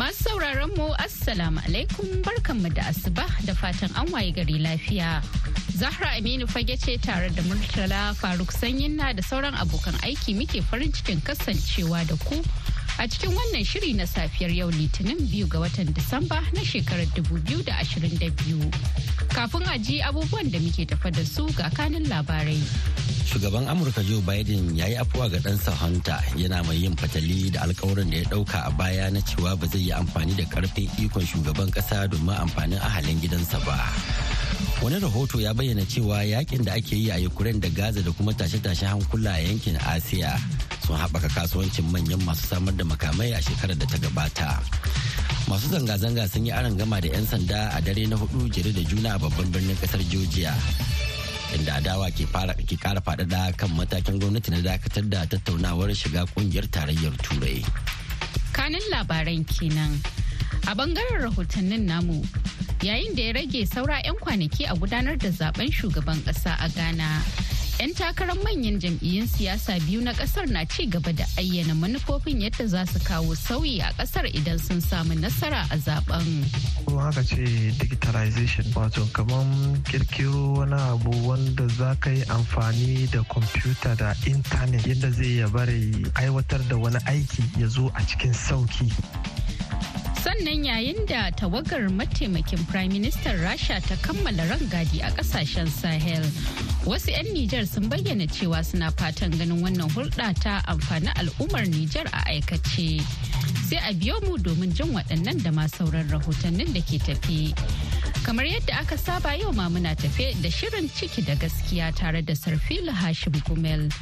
Masu sauraron mu Assalamu alaikum barkanmu da asuba da fatan an waye gari lafiya. Zahra Aminu fage ce tare da Murtala Faruk Sanyin na da sauran abokan aiki muke farin cikin kasancewa da ku a cikin wannan shiri na safiyar yau litinin biyu ga watan disamba na shekarar 2022 kafin a ji abubuwan da muke tafa da su ga kanin labarai shugaban amurka joe biden ya yi afuwa ga ɗansa hunter yana mai yin fatali da alkawarin da ya ɗauka a baya na cewa ba zai yi amfani da karfin ikon shugaban ƙasa domin amfanin ahalin gidansa ba wani rahoto ya bayyana cewa yakin da ake yi a ukraine da gaza da kuma tashe tashen hankula a yankin asiya sun haɓaka kasuwancin manyan masu samar da makamai a shekarar da ta gabata masu zanga-zanga sun yi aron gama da 'yan sanda a dare na hudu jere da juna a babban birnin kasar georgia inda adawa ke kara faɗaɗa kan matakin gwamnati na dakatar da tattaunawar shiga kungiyar tarayyar turai kanin labaran kenan a bangaren rahotannin namu yayin da ya rage saura 'yan kwanaki a gudanar da zaben shugaban ƙasa a ghana 'Yan takarar manyan jam'iyyun siyasa biyu na kasar na ci gaba da ayyana manufofin yadda za su kawo sauyi a kasar idan sun samu nasara a zaben. Kuma haka ce digitalization wato kamar kirkiro wani abu wanda za ka yi amfani da kwamfuta da intanet yadda zai ya bari aiwatar da wani aiki ya zo a cikin sauki. sannan yayin da tawagar mataimakin prime minister rasha ta kammala rangadi a kasashen sahel Wasu 'yan Nijar sun bayyana cewa suna fatan ganin wannan hulɗa ta amfani al'ummar Nijar a aikace. Sai a biyo mu domin jin waɗannan da ma sauran rahotannin da ke tafi. Kamar yadda aka saba yau ma muna tafe da shirin ciki da gaskiya tare da Sarfilu Hashim Gumel.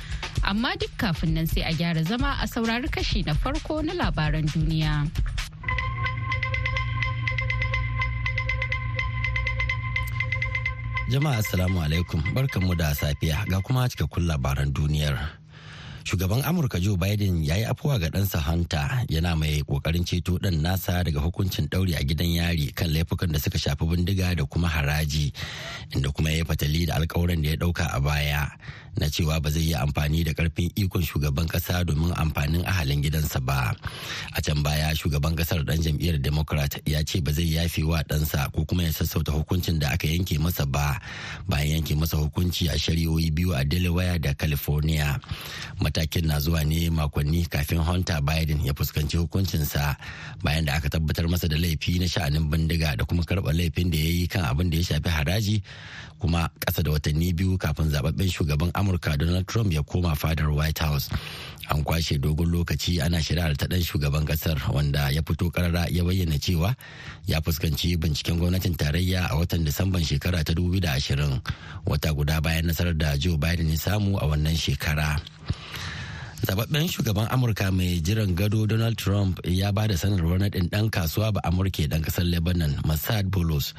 Amma duk kafin nan sai a gyara zama a saurari kashi na farko na labaran duniya. Jama'a Assalamu alaikum barkanmu da safiya ga kuma cikakkun labaran duniyar. shugaban amurka joe biden ya yi afuwa ga ɗansa hunter yana mai kokarin ceto ɗan nasa daga hukuncin ɗauri a gidan yari kan laifukan da suka shafi bindiga da kuma haraji inda kuma ya yi fatali da alkawuran da ya ɗauka a baya na cewa ba zai yi amfani da ƙarfin ikon shugaban ƙasa domin amfanin ahalin gidansa ba a can baya shugaban ƙasar ɗan jam'iyyar democrat ya ce ba zai yafe wa ɗansa ko kuma ya sassauta hukuncin da aka yanke masa ba bayan yanke masa hukunci a shari'o'i biyu a delaware da california matakin na zuwa ne makonni kafin hunter biden ya fuskanci hukuncinsa bayan da aka tabbatar masa da laifi na sha'anin bindiga da kuma karɓar laifin da ya yi kan abin da ya shafi haraji kuma ƙasa da watanni biyu kafin zababben shugaban amurka donald trump ya koma fadar white house an kwashe dogon lokaci ana shari'ar ta dan shugaban ƙasar wanda ya fito karara ya bayyana cewa ya fuskanci binciken gwamnatin tarayya a watan disamban shekara ta 2020 wata guda bayan nasarar da joe biden ya samu a wannan shekara. zababben shugaban amurka mai jiran gado donald trump ya ba da sanarwar naɗin ɗan kasuwa ba amurke ɗan ƙasar lebanon masad bolos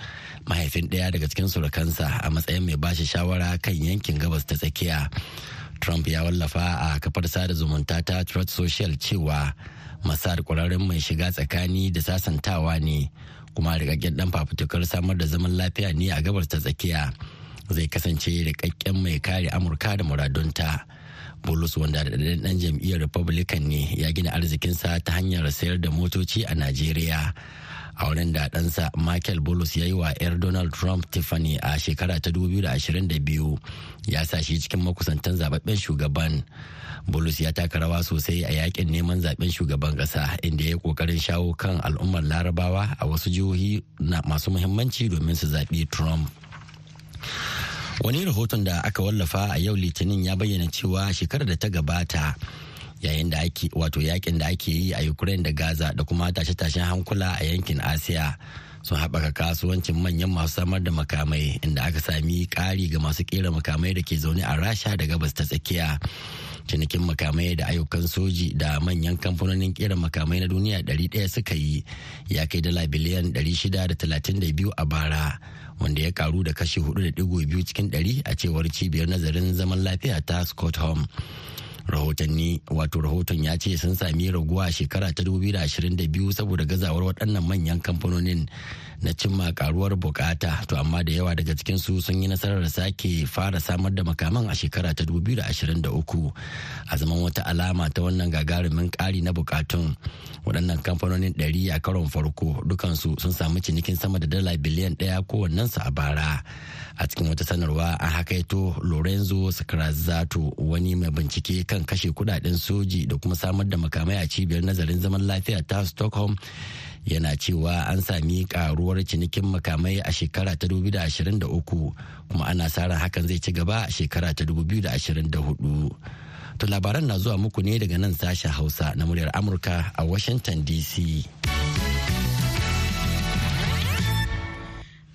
mahaifin ɗaya daga cikin surukansa a matsayin mai bashi shawara kan yankin gabas ta tsakiya trump ya wallafa a kafar sada zumunta ta truth social cewa masad ƙwararren mai shiga tsakani da sasantawa ne kuma rikakken ɗan fafutukar samar da zaman lafiya ne a gabas ta tsakiya zai kasance rikakken mai kare amurka da muradunta. Bulus wanda daɗaɗɗen ɗan jam'iyyar Republican ne ya gina arzikinsa ta hanyar sayar da motoci a Najeriya. a wurin da ɗansa Michael Bulus ya yi wa 'yar Donald Trump Tiffany a shekara ta 2022 ya sa shi cikin makusantan zababben shugaban. Bulus ya taka rawa sosai a yakin neman zaben shugaban ƙasa inda ya yi ƙoƙarin shawo kan al'ummar larabawa a wasu jihohi na masu muhimmanci domin su zaɓi Trump. wani rahoton da aka wallafa a yau litinin ya bayyana cewa shekarar da ta gabata yayin da ake wato yakin da ake yi a ukraine da gaza da kuma tashe-tashen hankula a yankin asiya sun haɓaka kasuwancin manyan masu samar da makamai inda aka sami ƙari ga masu ƙera makamai da ke zaune a rasha da gabas ta tsakiya cinikin makamai da ayyukan soji da manyan kamfanonin ƙera makamai na duniya 100 suka yi ya kai dala biliyan 632 a bara wanda ya karu da kashi 4.2 cikin 100 a cewar cibiyar nazarin zaman lafiya ta scott home rahotanni wato rahoton ya ce sun sami raguwa shekara ta 2022 saboda gazawar waɗannan manyan kamfanonin na cimma karuwar bukata to amma da yawa daga cikinsu sun yi nasarar sake fara samar da makaman a shekara ta 2023 a zaman wata alama ta wannan gagarumin kari na bukatun waɗannan kamfanonin ɗari a karon farko dukansu sun samu cinikin sama da dala biliyan ɗaya kowannensu a bara a cikin wata sanarwa a hakaito lorenzo scrazzato wani mai bincike kan kashe kudaden soji da kuma samar da makamai a cibiyar nazarin zaman lafiya ta stockholm yana cewa an sami karuwar cinikin makamai a shekara ta 2023 kuma ana sa ran hakan zai ci gaba a shekara ta 2024 to labaran na zuwa muku ne daga nan sashen hausa na muryar amurka a washington dc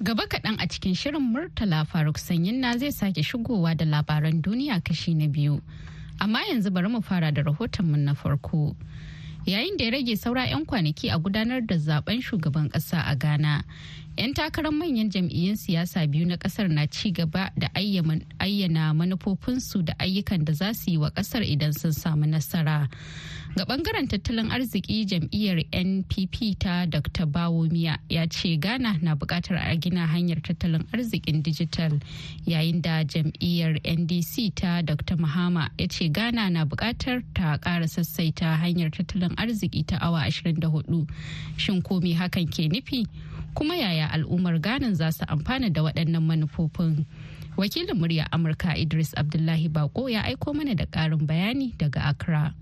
Gaba kaɗan a cikin shirin Murtala Faruk na zai sake shigowa da labaran duniya kashi na biyu. Amma yanzu bari mu fara da rahotonmu na farko. yayin da ya rage saura 'yan kwanaki a gudanar da zaben shugaban ƙasa a Ghana. 'yan takarar manyan jam'iyyun siyasa biyu na kasar na ci gaba da ayyana manufofinsu da ayyukan da za su yi wa kasar idan sun samu nasara ga bangaren tattalin arziki jam'iyyar npp ta dr bawo miya ya ce ghana na bukatar a gina hanyar tattalin arzikin digital yayin da jam'iyyar ndc ta dr mahama ya ce ghana na bukatar ta kara sassaita hanyar tattalin arziki ta awa 24 shin komi hakan ke nufi kuma yaya al'ummar ganin za su amfana da waɗannan manufofin wakilin murya amurka idris abdullahi bako ya aiko mana da ƙarin bayani daga accra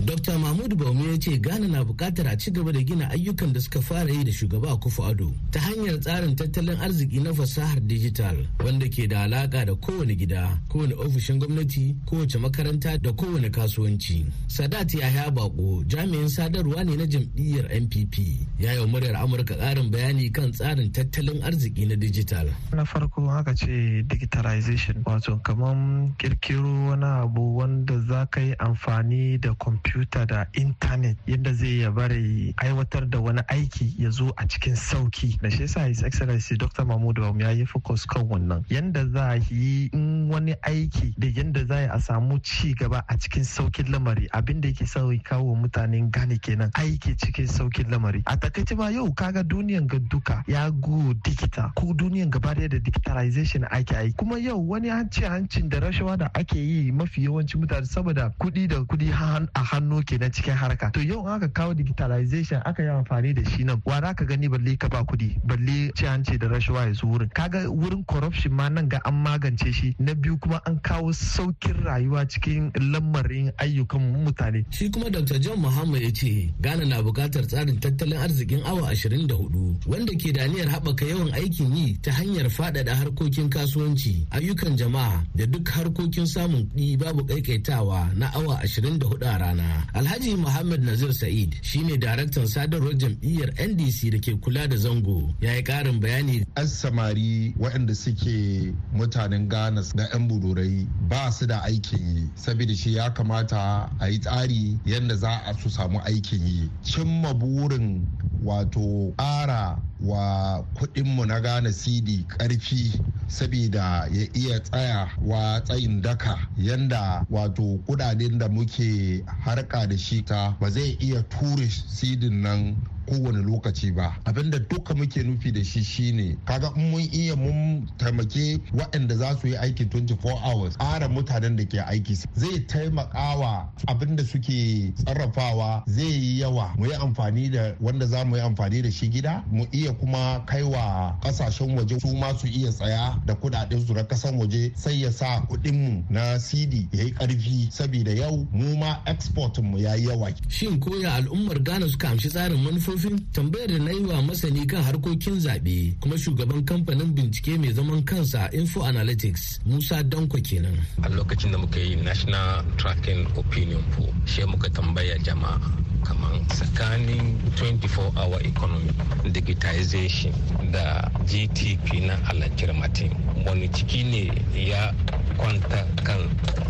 Dr. Mahmud Baume ya ce Ghana na bukatar a ci gaba da gina ayyukan da suka fara yi da shugaba kufu Ado ta hanyar tsarin tattalin arziki na fasahar digital wanda ke da alaka da kowane gida, kowane ofishin gwamnati, kowace makaranta da kowane kasuwanci. Sadat ya Yahya Bako jami'in sadarwa ne na jam'iyyar NPP. Ya yi muryar Amurka ƙarin bayani kan tsarin tattalin arziki na digital. Na farko haka ce digitalization wato kamar kirkiro wani abu wanda za ka yi amfani da kwamfuta kwamfuta da intanet yadda zai ya bari aiwatar da wani aiki ya zo a cikin sauki da shi sa his excellency dr mahmud bam ya yi focus kan wannan yadda za a yi in wani aiki da yadda za a samu ci gaba a cikin saukin lamari abin da yake sauyi kawo mutane gane kenan aiki cikin saukin lamari a takaice ma yau kaga duniyan ga duka ya go digita ko duniyan gaba da digitalization ake aiki kuma yau wani hanci hancin da rashawa da ake yi mafi yawancin mutane saboda kuɗi da kuɗi a hannu kenan cikin harka to yau aka kawo digitalization aka yi amfani da shi nan wa ka gani balle ka ba kudi balle ci hanci da rashawa ya zo wurin kaga wurin corruption ma nan ga an magance shi na biyu kuma an kawo saukin rayuwa cikin lamarin ayyukan mutane shi kuma dr john muhammad ya ce ghana na bukatar tsarin tattalin arzikin awa 24 wanda ke da haɓaka yawan aikin yi ta hanyar faɗaɗa harkokin kasuwanci ayyukan jama'a da duk harkokin samun kuɗi babu ƙaiƙaitawa na awa 24 a rana kaduna alhaji muhammad nazir sa'id shine daraktan sadarwar jam'iyyar ndc da ke kula da zango ya yi karin bayani an samari waɗanda suke mutanen ghana na 'yan budurai ba su da aikin yi saboda shi ya kamata a yi tsari yadda za a su samu aikin yi cimma burin wato ƙara wa kuɗinmu na gane cd ƙarfi saboda ya iya tsaya wa tsayin daka yadda wato kudaden da muke harka da shi ka ba zai iya ture sidin nan kowane lokaci ba abinda duka muke nufi da shi shine kaga in mun iya mun taimake waɗanda za su yi aiki 24 hours ƙara mutanen da ke aiki zai taimakawa abinda suke tsarrafawa zai yi yawa mu yi amfani da wanda za mu yi amfani da shi gida mu iya kuma kaiwa kasashen waje su ma su iya tsaya da kudaden su na kasan waje sai ya sa kuɗin mu na cd ya yi ƙarfi saboda yau mu ma export mu ya yi yawa shin koya al'ummar ghana suka amshi tsarin manufa. manufofin tambayar da na yi wa masani kan harkokin zaɓe kuma shugaban kamfanin bincike mai zaman kansa info analytics musa danko kenan a lokacin da muka yi national tracking opinion poll shi muka tambaya jama'a kamar tsakanin 24 hour economy digitization da gtp na alakir martin wani ciki ne ya kwanta kan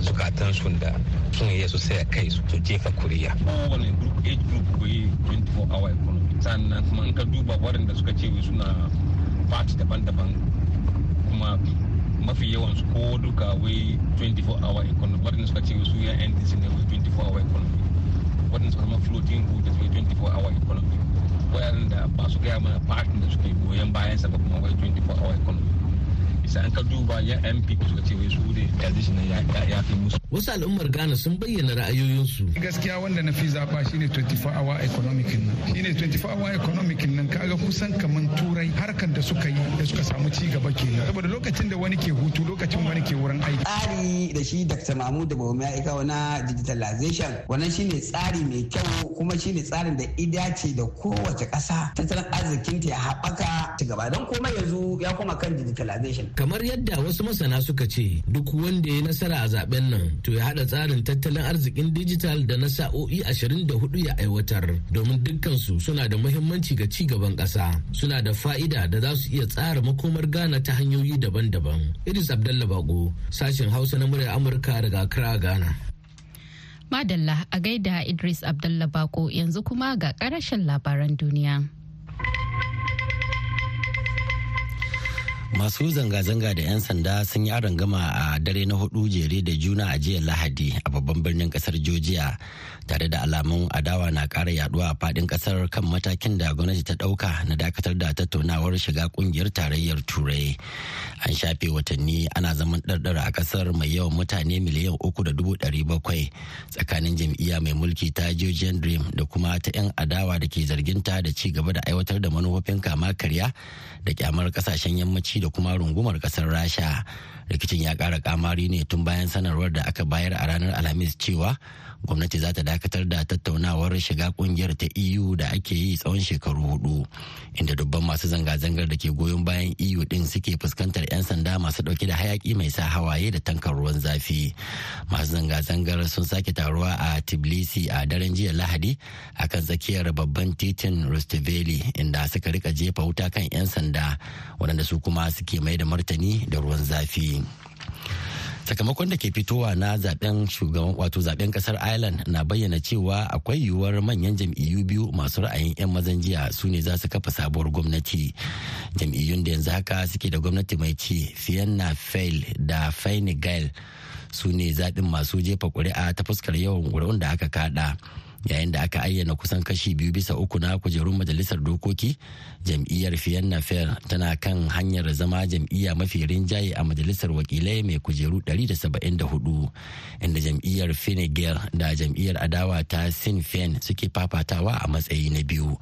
su da sun yi su saya kai su jefa kuriya kowane group age group yi 24 hour economy sannan kuma in ka duba waɗanda suka ce suna fati daban-daban kuma mafi yawan su ko duka wai 24 hour economy waɗanda suka ce su yan ndc ne wai 24 hour economy waɗanda su zama floating boot da suke 24 hour economy waɗanda ba su gaya mana fatin da suke goyon bayan sa ba kuma wai 24 hour economy isa an ka duba ya mpp suka ce wai su ne transition ya fi musu wasu al'ummar ghana sun bayyana ra'ayoyinsu gaskiya wanda na fi zaba shine 24 hour economic nan shine 24 hour economic nan kaga kusan kaman turai harkar da suka yi da suka samu ci gaba kenan saboda lokacin da wani ke hutu lokacin wani ke wurin aiki tsari da shi dr mahmud da bawumi ya na digitalization wannan shine tsari mai kyau kuma shine tsarin da idace da kowace ƙasa tattalin arzikin ta ya haɓaka ci gaba don komai yanzu ya koma kan digitalization kamar yadda wasu masana suka ce duk wanda ya nasara a zaben nan to ya haɗa tsarin tattalin arzikin dijital da na sa'o'i 24 ya aiwatar domin dukkansu suna da muhimmanci ga cigaban ƙasa suna da fa'ida da za su iya tsara makomar ghana ta hanyoyi daban-daban idris abdallah bako sashen hausa na murya amurka daga accra ghana madalla a gaida idris abdallah bako yanzu kuma ga ƙarashin labaran duniya Masu zanga-zanga da 'yan sanda sun yi gama a dare na hudu jere da juna a jiya Lahadi a babban birnin kasar Georgia tare da alamun adawa na kara yaduwa a fadin kasar kan matakin da gwamnati ta ɗauka na dakatar da tattaunawar shiga kungiyar tarayyar Turai. An shafe watanni ana zaman ɗarɗara a kasar mai yawan mutane miliyan uku da dubu ɗari bakwai tsakanin jam'iyya mai mulki ta Georgian Dream da kuma ta 'yan adawa da ke zarginta da ci gaba da aiwatar da manufofin kama karya da kyamar ƙasashen yammaci da kuma rungumar kasar rasha rikicin ya kara kamari ne tun bayan sanarwar da aka bayar a ranar alhamis cewa gwamnati za ta dakatar da tattaunawar shiga kungiyar ta eu da ake yi tsawon shekaru hudu inda dubban masu zanga-zangar da ke goyon bayan eu din suke fuskantar 'yan sanda masu dauke da hayaki mai sa hawaye da tankar ruwan zafi masu zanga-zangar sun sake taruwa a tbilisi a daren jiya lahadi a kan tsakiyar babban titin rustaveli inda suka rika jefa wuta kan 'yan sanda waɗanda su kuma suke mai da martani da ruwan zafi. sakamakon da ke fitowa na zaben shugaban wato zaben kasar ireland na bayyana cewa akwai yiwuwar manyan jam'iyyu biyu masu ra'ayin 'yan mazan jiya su ne za su kafa sabuwar gwamnati jam'iyyun da yanzu haka suke da gwamnati mai ci fianna fail da fine gael su ne zaɓin masu jefa ƙuri'a ta fuskar yawan wurin da aka kaɗa. yayin da aka ayyana kusan kashi biyu bisa uku na kujerun majalisar dokoki jam'iyyar fiyanna fair tana kan hanyar zama jam'iyya mafi rinjaye a majalisar wakilai mai kujeru 174 inda jam'iyyar fine da jam'iyyar adawa ta sin fen suke fafatawa a matsayi na biyu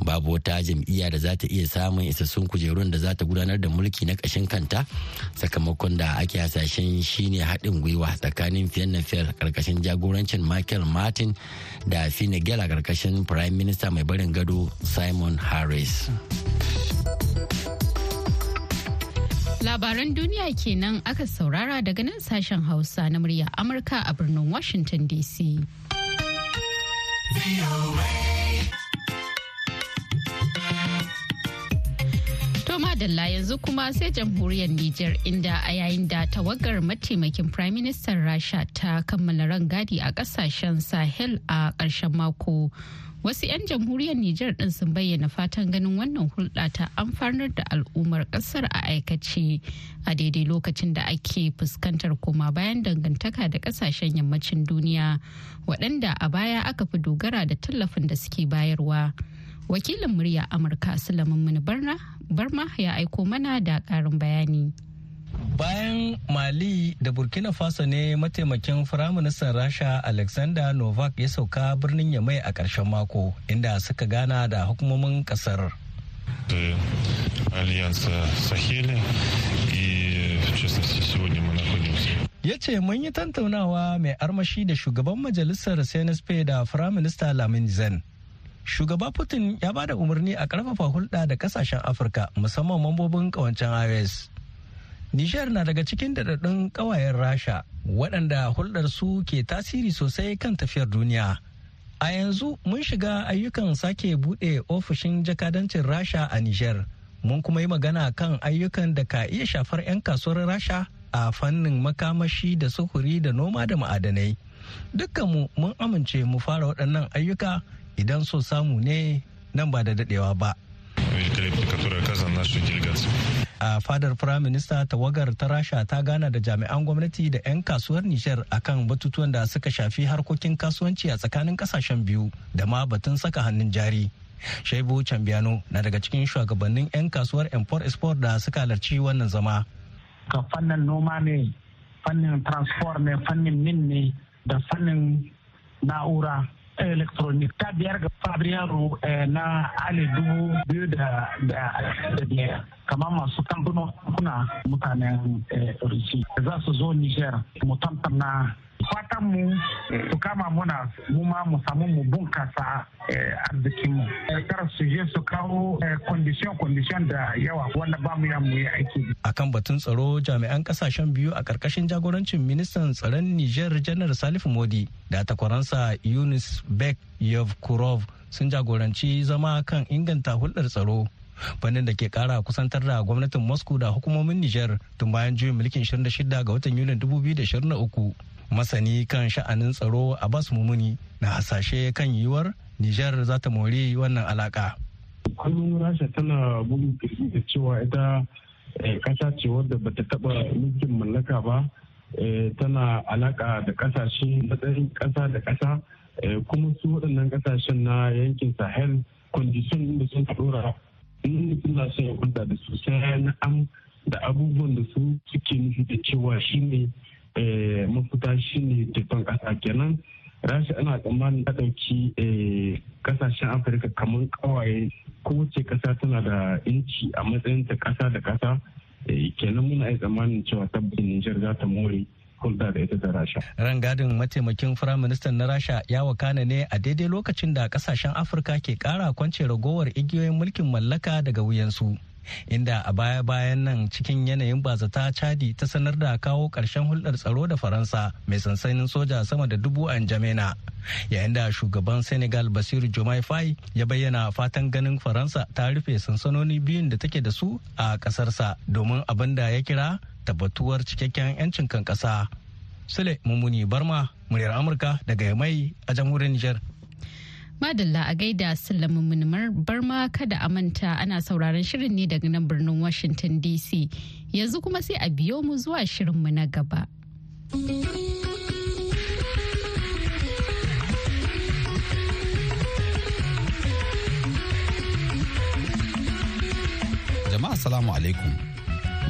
babu wata jam'iyya da za ta iya samun isassun kujerun da za ta gudanar da mulki na kashin kanta sakamakon da ake hasashen shine haɗin gwiwa tsakanin fiyanna fair ƙarƙashin jagorancin michael martin da da Fine Gael a ƙarƙashin Prime Minister mai barin gado Simon Harris. Labaran duniya kenan aka saurara daga nan sashen Hausa na murya Amurka a birnin Washington DC. dalla yanzu kuma sai jamhuriyar Nijar inda a yayin da tawagar mataimakin Prime Minister Rasha ta kammala rangadi a kasashen Sahel a ƙarshen mako. Wasu 'yan jamhuriyar Nijar ɗin sun bayyana fatan ganin wannan hulɗa ta amfanar da al'ummar ƙasar a aikace a daidai lokacin da ake fuskantar koma bayan dangantaka da ƙasashen yammacin duniya waɗanda a baya aka fi dogara da tallafin da suke bayarwa. wakilin murya amurka sulamin barma ya aiko mana da karin bayani bayan mali da burkina faso ne mataimakin firaministan rasha alexander novak ya sauka birnin yamai a ƙarshen mako inda suka gana da hukumomin ƙasar uh, eh, ya ce mun yi tantaunawa mai armashi da shugaban majalisar cnsp da firaminista lamin zen shugaba putin ya bada umarni a karfafa hulɗa da kasashen afirka musamman mambobin kawancen ios nijar na daga cikin daɗaɗɗun ƙawayen rasha waɗanda hulɗar su ke tasiri sosai kan tafiyar duniya a yanzu mun shiga ayyukan sake buɗe ofishin jakadancin rasha a nijar mun kuma yi magana kan ayyukan da ka iya shafar 'yan kasuwar rasha a fannin makamashi da sufuri da noma da ma'adanai dukkanmu mun amince mu fara waɗannan ayyuka idan so samu ne nan ba da dadewa ba a fadar firayim minista tawagar ta rasha ta gana da jami'an gwamnati da 'yan kasuwar nijar kan batutuwan da suka shafi harkokin kasuwanci a tsakanin kasashen biyu da ma batun saka hannun jari shaibu cambiano na daga cikin shugabannin 'yan kasuwar import export da suka halarci wannan zama ka fannin noma ne fannin transport ne fannin min ne da fannin na'ura electronic ta biyar ga fabriyaro eh, na ali dubu biyu da biyar kamar masu kuna. mutanen eh, rishi za su zo niger mu tantamna fatan mu su kama muna mu ma mu samu mu bunkasa eh, arzikin mu eh, kar su je su kawo eh, condition condition da yawa wanda ba mu ya mu yi aiki akan batun tsaro jami'an kasashen biyu a karkashin jagorancin ministan tsaron Niger Janar salif Modi da takwaransa Yunus Bek Yevkurov sun jagoranci zama kan inganta hulɗar tsaro fannin da ke kara kusantar da gwamnatin moscow da hukumomin niger tun bayan juyin mulkin 26 ga watan yulin 2023 masani kan sha'anin tsaro a bas mumuni na hasashe kan yiwuwar nijar za ta mori wannan alaka kullum rasha tana bugun kirki da cewa ita kasa eh, ce wadda ba ta taba mulkin mallaka ba eh, tana alaka da kasashe matsayin kasa da kasa eh, kuma su waɗannan kasashen na yankin sahel kwandishin da sun dora inda suna son ya da su na am da abubuwan da su suke nufi da cewa shine Eh, mafuta shi ne tufan ƙasa kenan rasha ana tsammanin ta ɗauki eh, ƙasashen afirka kamar ƙawaye kowace ƙasa tana da inci a matsayin ta ƙasa da ƙasa eh, kenan muna yi tsammanin cewa tabbin nijar za ta more hulɗa da ita da rasha. rangadin mataimakin firaministan na rasha ya wakana ne a daidai lokacin da ƙasashen afirka ke ƙara kwance ragowar igiyoyin mulkin mallaka daga wuyansu. inda a baya-bayan nan cikin yanayin bazata chadi ta sanar da kawo ƙarshen hulɗar tsaro da faransa mai sansanin soja sama da dubu a jamena yayin da shugaban senegal basiru jomai fai ya bayyana fatan ganin faransa ta rufe sansanoni biyun da take da su a ƙasarsa domin abin da ya kira tabbatuwar cikakken 'yancin kan ƙasa sule mummuni barma muryar amurka daga mai a jamhuriyar niger Madalla a gaida Sullamin barma kada a manta ana sauraron shirin ne daga nan birnin Washington DC. Yanzu kuma sai a biyo mu zuwa shirinmu na gaba. Jama'a salamu alaikum.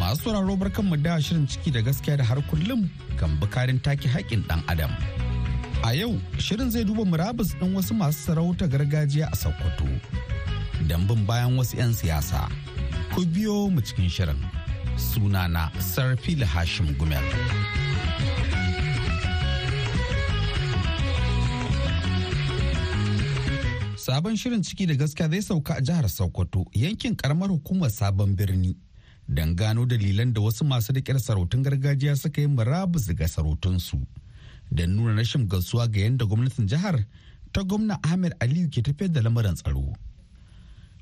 Masu sauraro mu da shirin ciki da gaskiya da har kullum kan bukarin take haƙƙin ɗan Adam. A yau shirin zai duba murabus ɗin wasu masu sarauta gargajiya a Sokoto. Dambun bayan wasu 'yan siyasa, ku biyo mu cikin shirin. Sunana Sarfi Hashim Gumel. Sabon shirin ciki da gaskiya zai sauka a jihar Sokoto yankin karamar hukumar sabon birni. Don gano dalilan da wasu masu riƙe sarautun gargajiya suka yi murabus daga sarautunsu. su. da nuna rashin gamsuwa ga yadda gwamnatin jihar ta gwamna ahmed aliyu ke tafiyar da lamarin tsaro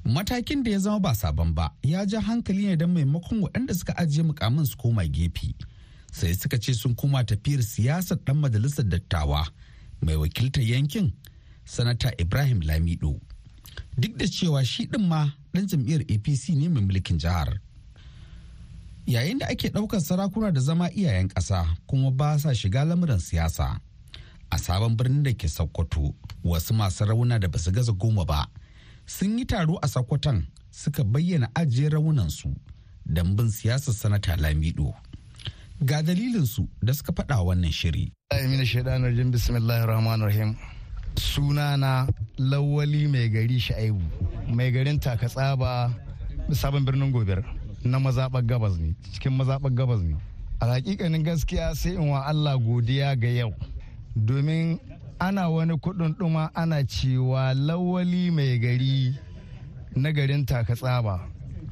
matakin da ya zama ba sabon ba ya ja hankali ne don maimakon waɗanda suka ajiye mukamin su koma gefe sai suka ce sun koma tafiyar siyasar ɗan majalisar dattawa mai wakiltar yankin sanata ibrahim lamido duk da cewa shi ɗin ma ɗan jam'iyyar apc ne mai mulkin jihar yayin da ake ɗaukar sarakuna da zama iyayen ƙasa kuma ba sa shiga lamuran siyasa a sabon birnin da ke sokoto wasu masu rauna da basu gaza goma ba sun yi taro a sokoton suka bayyana ajiye raunansu don bin siyasar sanata lamido ga dalilinsu da suka faɗa wannan shiri sunana lawali mai gari sha'ibu mai garin takatsaba sabon birnin gobir na mazaɓar gabas ne cikin mazaɓar gabas ne a hakikanin gaskiya sai in wa Allah godiya ga yau domin ana wani kudin ɗuma ana cewa lawali mai gari na garin takatsaba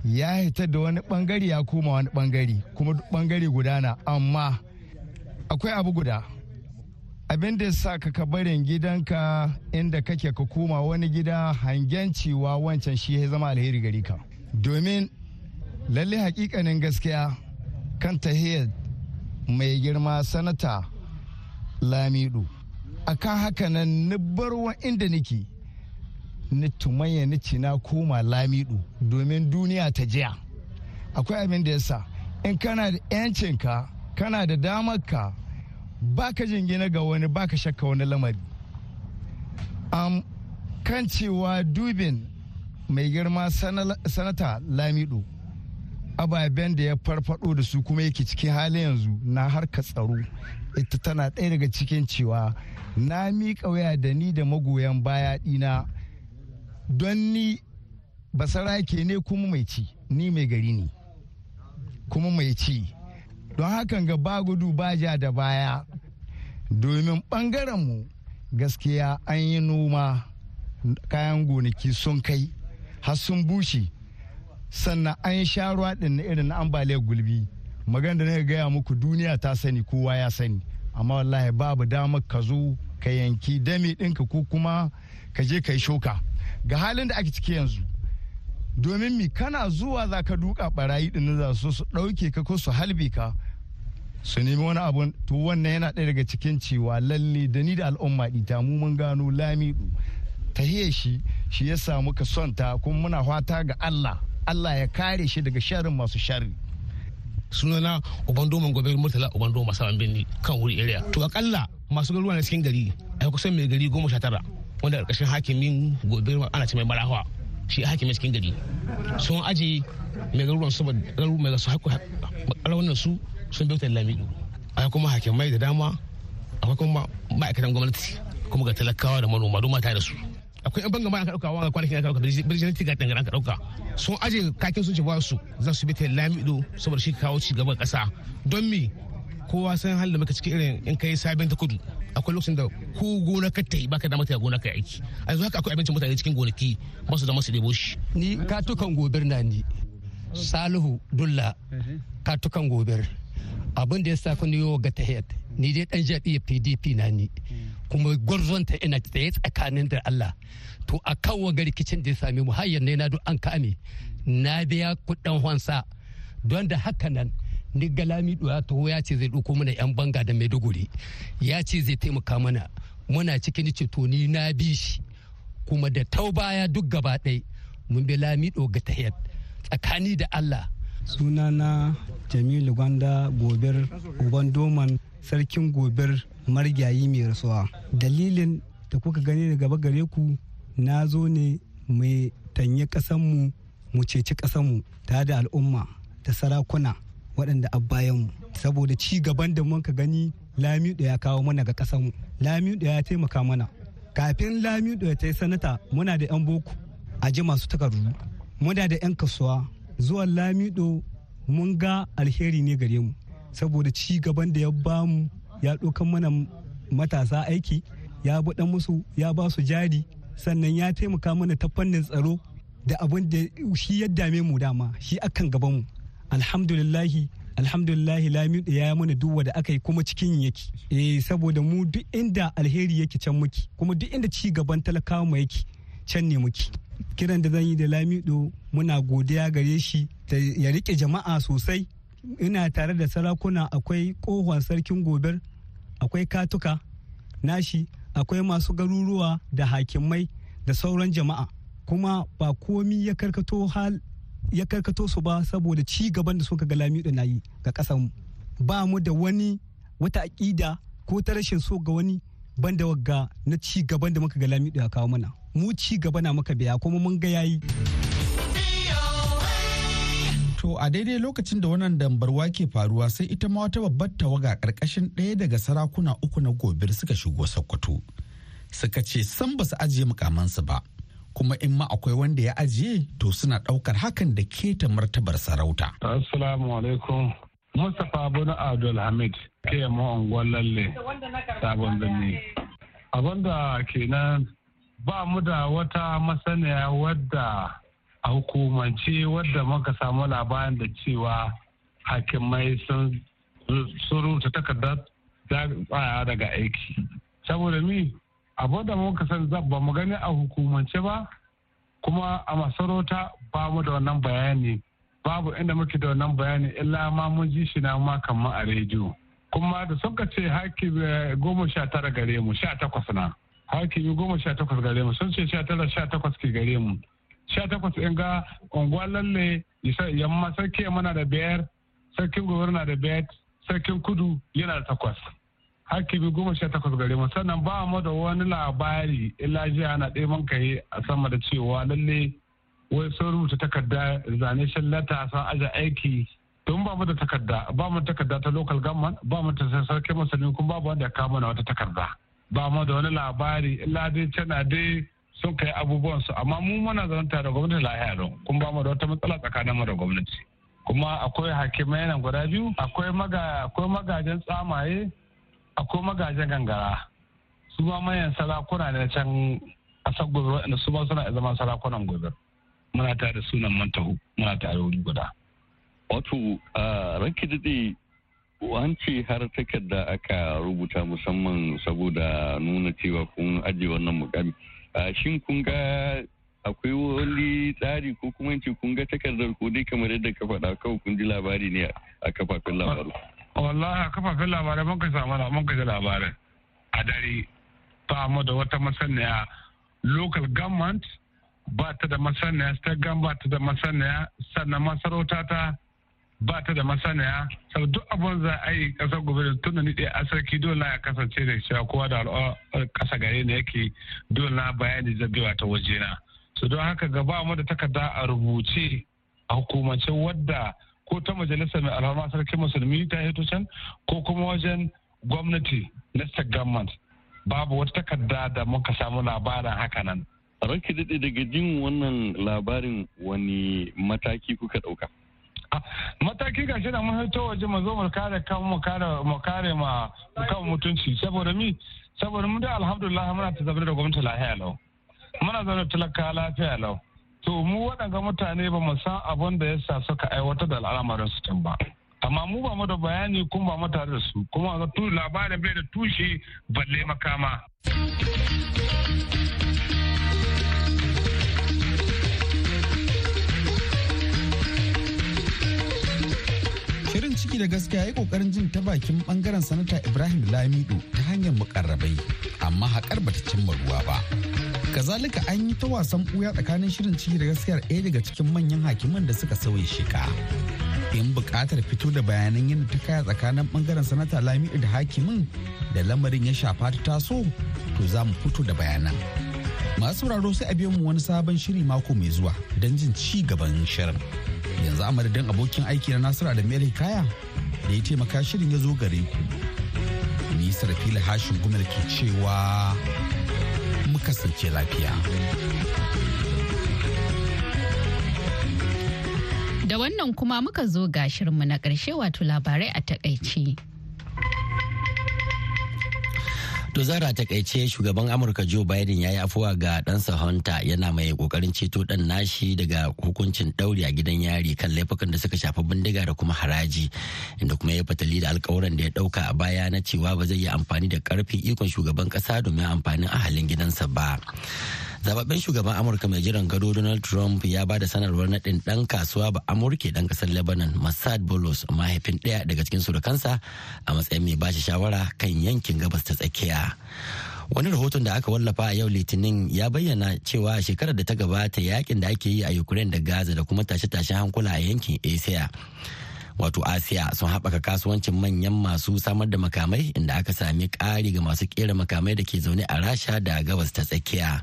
ya hita da wani bangare ya koma wani bangare kuma duk bangare gudana amma akwai abu guda abin da sa ka ka barin gidanka inda kake ka koma wani gida hangen cewa wancan shi ya zama alheri gari ka domin lalle hakikanin gaskiya kan tahiyar mai girma sanata lamido akan haka nan ni barwa inda nake ni tumayya ni ci na koma lamido domin duniya ta jiya akwai abin da yasa in kana da yancinka kana da damarka baka jingina ga wani baka shakka wani lamari kan cewa dubin mai girma sanata lamido ababen da ya farfado da su kuma yake cikin halin yanzu na harka tsaro ita tana ɗaya daga cikin cewa na miƙa waya da ni da magoyan baya ɗina don ni ke ne kuma mai ci ni mai gari ne kuma mai ci don hakan ga ba gudu ba ja da baya domin mu gaskiya an yi noma kayan gonaki sun kai har sun bushe sannan an sha ruwa din na irin na ambaliyar gulbi magana da na gaya muku duniya ta sani kowa ya sani amma wallahi babu dama ka zo ka yanki dame ɗinka ko kuma ka je ka yi shoka ga halin da ake ciki yanzu domin mi kana zuwa za ka duka barayi din za su su ɗauke ka ko su halbe ka su nemi wani abu to wannan yana ɗaya daga cikin cewa lalle da ni da al'umma ɗita mu mun gano lamidu tahiyar shi shi ya samu ka son ta kuma muna fata ga Allah Allah ya kare shi daga sharrin masu sharri sunana ubando gobe murtala masu saman birni kan wuri area to akalla masu garuruwa na cikin gari a kusan mai gari goma sha tara wanda ƙarƙashin hakimin gobe ana ce mai barahawa shi hakimin cikin gari sun aji mai garuruwan su garuruwan mai gasu haƙƙo alawunan su sun bautar lamido akwai kuma hakimai da dama akwai kuma ma'aikatan gwamnati kuma ga talakawa da manoma don mata da su akwai yan bangama aka dauka wa kwanakin aka dauka birjin tiga dangara aka dauka sun aje kakin sun ce ba su za su bi ta lami ido saboda shi kawo ci gaban kasa don mi kowa san halin da muka cikin irin in kai sabin ta kudu akwai lokacin da ko gona ka ta yi baka da mata gona ka aiki a yanzu haka akwai abincin mutane cikin gonaki ba su da masu debo shi ni katukan gobir na ni salihu dulla katukan gobir abin da ya sa ku ni yau ga ta ni dai dan jabi pdp na ni kuma gwarzonta ina tsaye tsakanin da Allah to a kan waga rikicin da ya sami mu har ne na an kame na biya kuɗin hansa don da haka nan ni galami ya taho ya ce zai ɗauko mana yan banga da maiduguri ya ce zai taimaka mana muna cikin ceto ni na bi shi kuma da tau baya duk gaba ɗai mun bi lamido ga tahiyar tsakani da Allah sunana jamilu gwanda gobir uban doman sarkin gobir marigayi mai rasuwa dalilin da kuka gani da gaba gare ku na zo ne mai tanye ƙasanmu mu ceci ƙasanmu ta da al'umma da sarakuna waɗanda a bayanmu saboda ci gaban da muka gani lamido ya kawo mana ga ƙasanmu lamido ya taimaka mana kafin lamido ya ta yi sanata muna da 'yan boko a ji masu takardu muna da 'yan kasuwa zuwan lamido mun ga alheri ne gare mu saboda ci gaban da ya bamu ya ɗaukan mana matasa aiki ya buɗa musu ya ba su jari sannan ya taimaka mana ta fannin tsaro da abin da shi ya dame mu dama shi akan gaban mu alhamdulillahi alhamdulillahi da ya mana duwa da aka yi kuma cikin yake eh saboda mu duk inda alheri yake can muke kuma duk inda ci gaban talakawa mu yake can ne muke kiran da zan yi da lamido muna godiya gare shi ya rike jama'a sosai ina tare da sarakuna akwai kohon sarkin gobir akwai katuka nashi akwai masu garuruwa da hakimai da sauran jama'a kuma ba komi ya karkato su ba saboda ci gaban da suka ga lamido na yi ga kasanmu ba mu da wani wata aƙida ko ta rashin so ga wani banda wagga na ci gaban da muka ga lamido ya kawo mana mu ci gaba na muka biya kuma mun ga yayi. To a daidai lokacin da wannan dambarwa ke faruwa sai ita ma wata babbar tawaga ƙarƙashin ɗaya daga sarakuna uku na gobir suka shigo Sokoto. Suka ce san ba su ajiye mukamansu ba, kuma in ma akwai wanda ya ajiye to suna ɗaukar hakan da keta martabar sarauta. Assalamu alaikum. Mustapha Bono Abdul Hamid ke mu unguwar lalle sabon birni. Abinda kenan ba mu da wata masaniya wadda a hukumance wadda muka samu labarin da cewa hakimai sun rubuta takardar tsaya daga aiki saboda mi abu da muka san zabba mu gani a hukumance ba kuma a masarauta ba mu da wannan bayani babu inda muke da wannan bayani illa ma mun ji shi na ma kamar a rediyo kuma da suka ce haki eh, goma sha tara gare mu sha takwas na haki goma sha takwas gare mu sun ce sha tara sha takwas ke gare mu sha takwas in ga unguwa lalle yamma sarki mana da biyar sarkin gobe na da biyar sarkin kudu yana da takwas bi goma sha takwas gare mu sannan ba mu da wani labari illa jiya na ɗaya kai a sama da cewa lalle wai sun rubuta takarda zane shan lata san aje aiki don ba mu da takarda ba mu takarda ta local government ba mu ta sarki masani kuma ba mu wanda ya kama na wata takarda ba mu da wani labari illa dai cana dai sun kai abubuwan su amma mu muna zaune tare da gwamnati lahiya don kun ba mu da wata matsala tsakanin mu da gwamnati kuma akwai hakimai yana guda biyu akwai maga akwai magajen tsamaye akwai magajen gangara su ma manyan sarakuna ne can kasar gobe waɗanda su ma suna zama sarakunan gobe muna tare sunan mantahu muna tare wuri guda wato ranki daɗe an ce har takarda aka rubuta musamman saboda nuna cewa kun ajiye wannan mukami shin kun ga akwai wani tsari ko kuma ce kun ga takardar ko dai kamar yadda ka faɗa kawai kun ji labari ne a kafafen labaru. wallahi a kafafen labarai mun ka samu mun ka ji labarin a dare ta amma da wata masaniya local government ba ta da masaniya state government ba ta da masaniya sannan masarauta ta ba ta da masaniya sau duk abin za a yi kasar gobe da ni ɗaya a sarki dole na kasance da cewa kowa da ƙasa gare ne yake dole na bayani zabewa ta waje na su don haka gaba mu da takarda a rubuce a hukumance wadda ko ta majalisar mai alhama sarki musulmi ta hito can ko kuma wajen gwamnati na state government babu wata takarda da muka samu labarin haka nan. Ranki daɗe daga jin wannan labarin wani mataki kuka ɗauka? mataki ga shi da mun hito waje mu zo mu kare kan mu kare mu kare ma kan mutunci saboda mi saboda mu da alhamdulillah muna ta zabar da gwamnati lafiya lau muna zaune talaka lafiya lau to mu waɗanga mutane ba mu san abin da sa suka aiwatar da al'amarin su tun ba amma mu ba mu da bayani kuma ba mu tare da su kuma ga labarin bai da tushe balle makama. da gaskiya ya kokarin jin ta bakin bangaren sanata Ibrahim Lamido ta hanyar mukarrabai amma haƙar bata cimma ruwa ba. Kazalika an yi ta wasan ɓuya tsakanin shirin ciki da gaskiyar ɗaya daga cikin manyan hakiman da suka sauya shika. In buƙatar fito da bayanan yadda ta kaya tsakanin bangaren sanata Lamido da hakimin da lamarin ya shafa ta taso to za mu fito da bayanan. Masu sauraro sai a biyo mu wani sabon shiri mako mai zuwa don jin ci gaban shirin. yanzu amadadin abokin aiki na nasiru da mere kaya da ya taimaka shirin ya zo gare ku. Nisar fili hashin gumar ke cewa muka kasance lafiya. Da wannan kuma muka zo ga shirinmu na ƙarshe wato labarai a takaici. To zara takaice shugaban Amurka Joe Biden ya yi afuwa ga ɗansa Hunter yana mai kokarin ceto ɗan nashi daga hukuncin ɗauri a gidan yari kan laifukan da suka shafi bindiga da kuma haraji inda kuma ya fatali da alƙawuran da ya ɗauka a baya na cewa ba zai yi amfani da ƙarfin ikon shugaban ƙasa domin amfanin ahalin gidansa ba. zababben shugaban amurka mai jiran gado donald trump ya ba da sanarwar naɗin ɗan kasuwa ba amurke ɗan ƙasar lebanon massad bolos mahaifin ɗaya daga cikin surukansa a matsayin mai bashi shawara kan yankin gabas ta tsakiya wani rahoton da aka wallafa a yau litinin ya bayyana cewa shekarar da ta gabata yakin da ake yi a ukraine da gaza da kuma tashe-tashen hankula a yankin asia wato asiya sun haɓaka kasuwancin manyan masu samar da makamai inda aka sami ƙari ga masu ƙera makamai da ke zaune a rasha da gabas ta tsakiya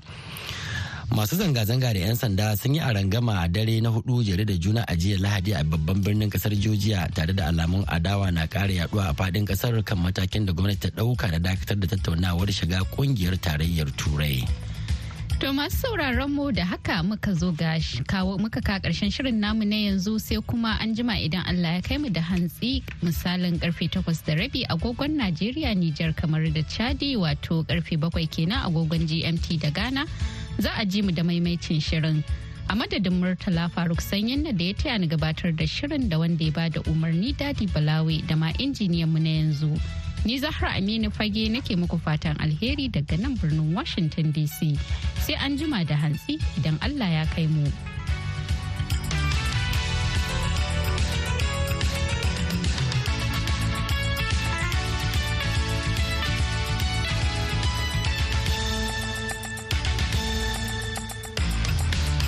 masu zanga-zanga da 'yan sanda sun yi rangama a dare na hudu jere da juna a jiya lahadi a babban birnin kasar georgia tare da alamun adawa na kara yaduwa a fadin kasar kan matakin da gwamnati ta dauka da dakatar da tattaunawar shiga kungiyar tarayyar turai To masu sauraron mu da haka muka zo ga kawo muka ka karshen shirin namu na yanzu sai kuma an jima idan Allah ya kai mu da hantsi misalin karfe takwas da rabi agogon Najeriya Nijar kamar da Chadi wato karfe bakwai kenan agogon GMT da Ghana za a ji mu da maimaicin shirin. a madadin murtala faruk sanyin na da ya taya ni gabatar da shirin da wanda ya bada umarni dadi balawe da ma injiniyan mu na yanzu Ni Zahra Aminu Fage nake muku fatan alheri daga nan birnin Washington DC. Sai an jima da hantsi idan Allah ya kai mu.